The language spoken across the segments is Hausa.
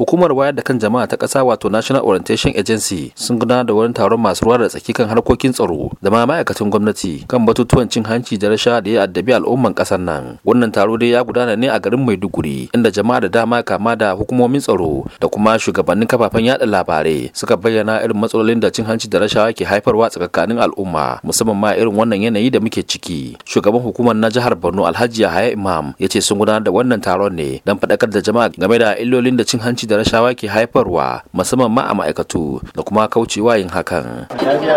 hukumar wayar da kan jama'a ta kasa wato national orientation agency sun gudanar da wani taron masu ruwa da tsaki kan harkokin tsaro da ma ma'aikatan gwamnati kan batutuwan cin hanci da rasha da ya addabi al'umman ƙasar nan wannan taro dai ya gudana ne a garin maiduguri inda jama'a da dama kama da hukumomin tsaro da kuma shugabannin kafafen yada labarai suka bayyana irin matsalolin da cin hanci da rashawa ke haifarwa tsakanin al'umma musamman ma irin wannan yanayi da muke ciki shugaban hukumar na jihar borno alhaji yahaya imam ya ce sun gudanar da wannan taron ne don faɗakar da jama'a game da illolin da cin hanci da rashawa ke haifarwa musamman ma a ma'aikatu da kuma kaucewa yin hakan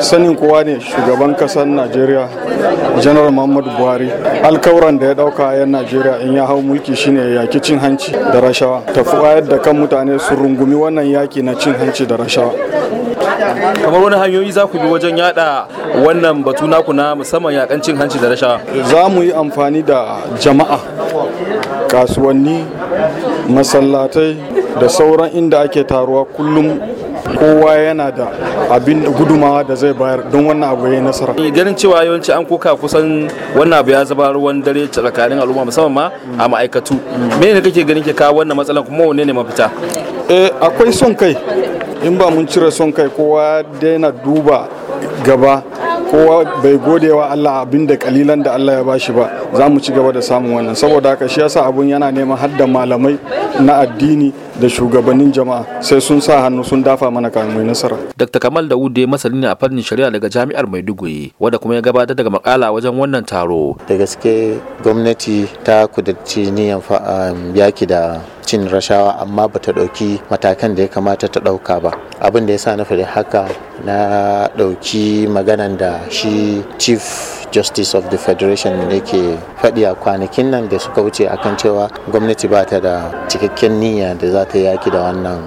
sanin kowa ne shugaban kasar najeriya General muhammadu buhari alkawuran da ya dauka yan najeriya in ya hau mulki shine yaki cin hanci da rashawa tafi wayar da kan mutane su rungumi wannan yaki na cin hanci da rashawa kamar wani hanyoyi za ku bi wajen yada wannan batu naku na musamman yakan cin hanci da rashawa za mu yi amfani da jama'a kasuwanni masallatai da sauran inda ake taruwa kullum kowa yana da abin da gudumawa da zai bayar don wannan abu ya nasara eh, ganin cewa yawanci an koka kusan wannan abu ya zama ruwan dare tsakanin al'umma musamman ma a ma'aikatu me ne kake ganin ke kawo wannan matsalan kuma wanne ne mafita eh, akwai son kai in ba mun cire son kai kowa daina duba gaba kowa bai gode wa Allah abin da kalilan da Allah ya bashi ba za mu ci gaba da samun wannan saboda haka shi yasa abun yana neman hadda malamai na addini da shugabannin jama'a sai sun sa hannu sun dafa mana kayan mai nasara. Dr. Kamal Dawud ya masani ne a fannin shari'a daga jami'ar Maiduguri wanda kuma ya gabatar daga makala wajen wannan taro. Da gaske gwamnati ta kudurci niyan um, yaki da cin rashawa amma bata ɗauki matakan da ya kamata ta ɗauka ba abin da ya sa na fadi haka na ɗauki maganan da shi chief justice of the federation da ke faɗi a kwanakin nan da suka wuce akan cewa gwamnati ba ta da cikakken niyya da za ta yaki da wannan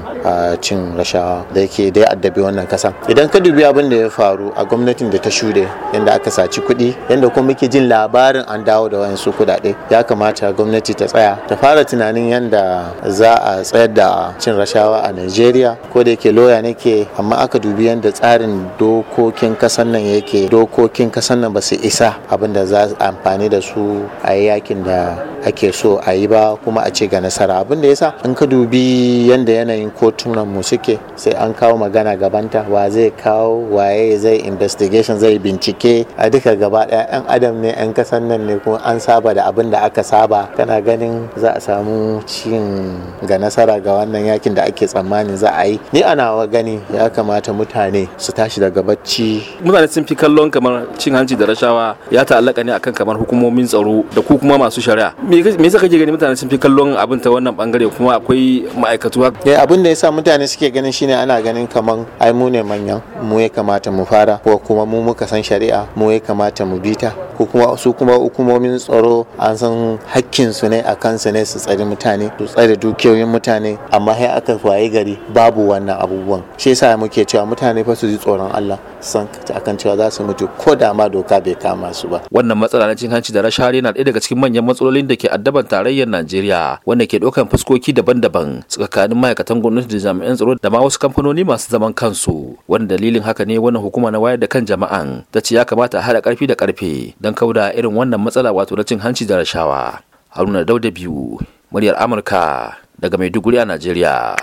cin rashawa da yake dai addabi wannan kasa idan ka dubi abin da ya faru a gwamnatin da ta shuɗe yadda aka saci kuɗi yadda kuma muke jin labarin an dawo da wayansu kuɗaɗe ya kamata gwamnati ta tsaya ta fara tunanin yadda za a tsayar da cin rashawa a nigeria ko da yake loya ke amma aka dubi yadda tsarin dokokin kasan nan yake dokokin kasan nan ba su isa isa abun da za amfani da su a yakin da ake so a yi ba kuma a ce ga nasara abin da yasa in ka dubi yadda yanayin kotunan mu suke sai an kawo magana gabanta wa zai kawo waye zai investigation zai bincike a duka gaba daya yan adam ne yan kasan nan ne kuma an saba da abin da aka saba kana ganin za a samu cin ga nasara ga wannan yakin da ake tsammani za a yi ni ana gani ya kamata mutane su tashi daga bacci mutane sun fi kallon kamar cin hanci da rashawa ya ta'allaka ne akan kamar hukumomin tsaro da ku kuma masu shari'a me yasa kake gani mutane sun fi kallon abin ta wannan bangare kuma akwai ma'aikatu haka eh abin da yasa mutane suke ganin shine ana ganin kamar ai mu ne manyan mu ya kamata mu fara ko kuma mu muka san shari'a mu ya kamata mu bita. ko kuma su kuma hukumomin tsaro an san hakkin su ne a su ne su tsare mutane su tsare dukiyoyin mutane amma sai aka waye gari babu wannan abubuwan shi yasa muke cewa mutane fa su ji tsoron Allah san akan cewa za su mutu ko da ma doka bai kama su ba wannan matsala na cin hanci da rashari na ɗaya daga cikin manyan matsalolin da ke addaban tarayyar Najeriya wanda ke daukan fuskoki daban-daban tsakanin ma'aikatan gwamnati da jami'an tsaro da ma wasu kamfanoni masu zaman kansu wanda dalilin haka ne wannan hukuma na wayar da kan jama'an ta ce ya kamata a haɗa ƙarfi da ƙarfe don kauda irin wannan matsala wato na cin hanci da rashawa haruna dauda biyu muryar amurka daga maiduguri a najeriya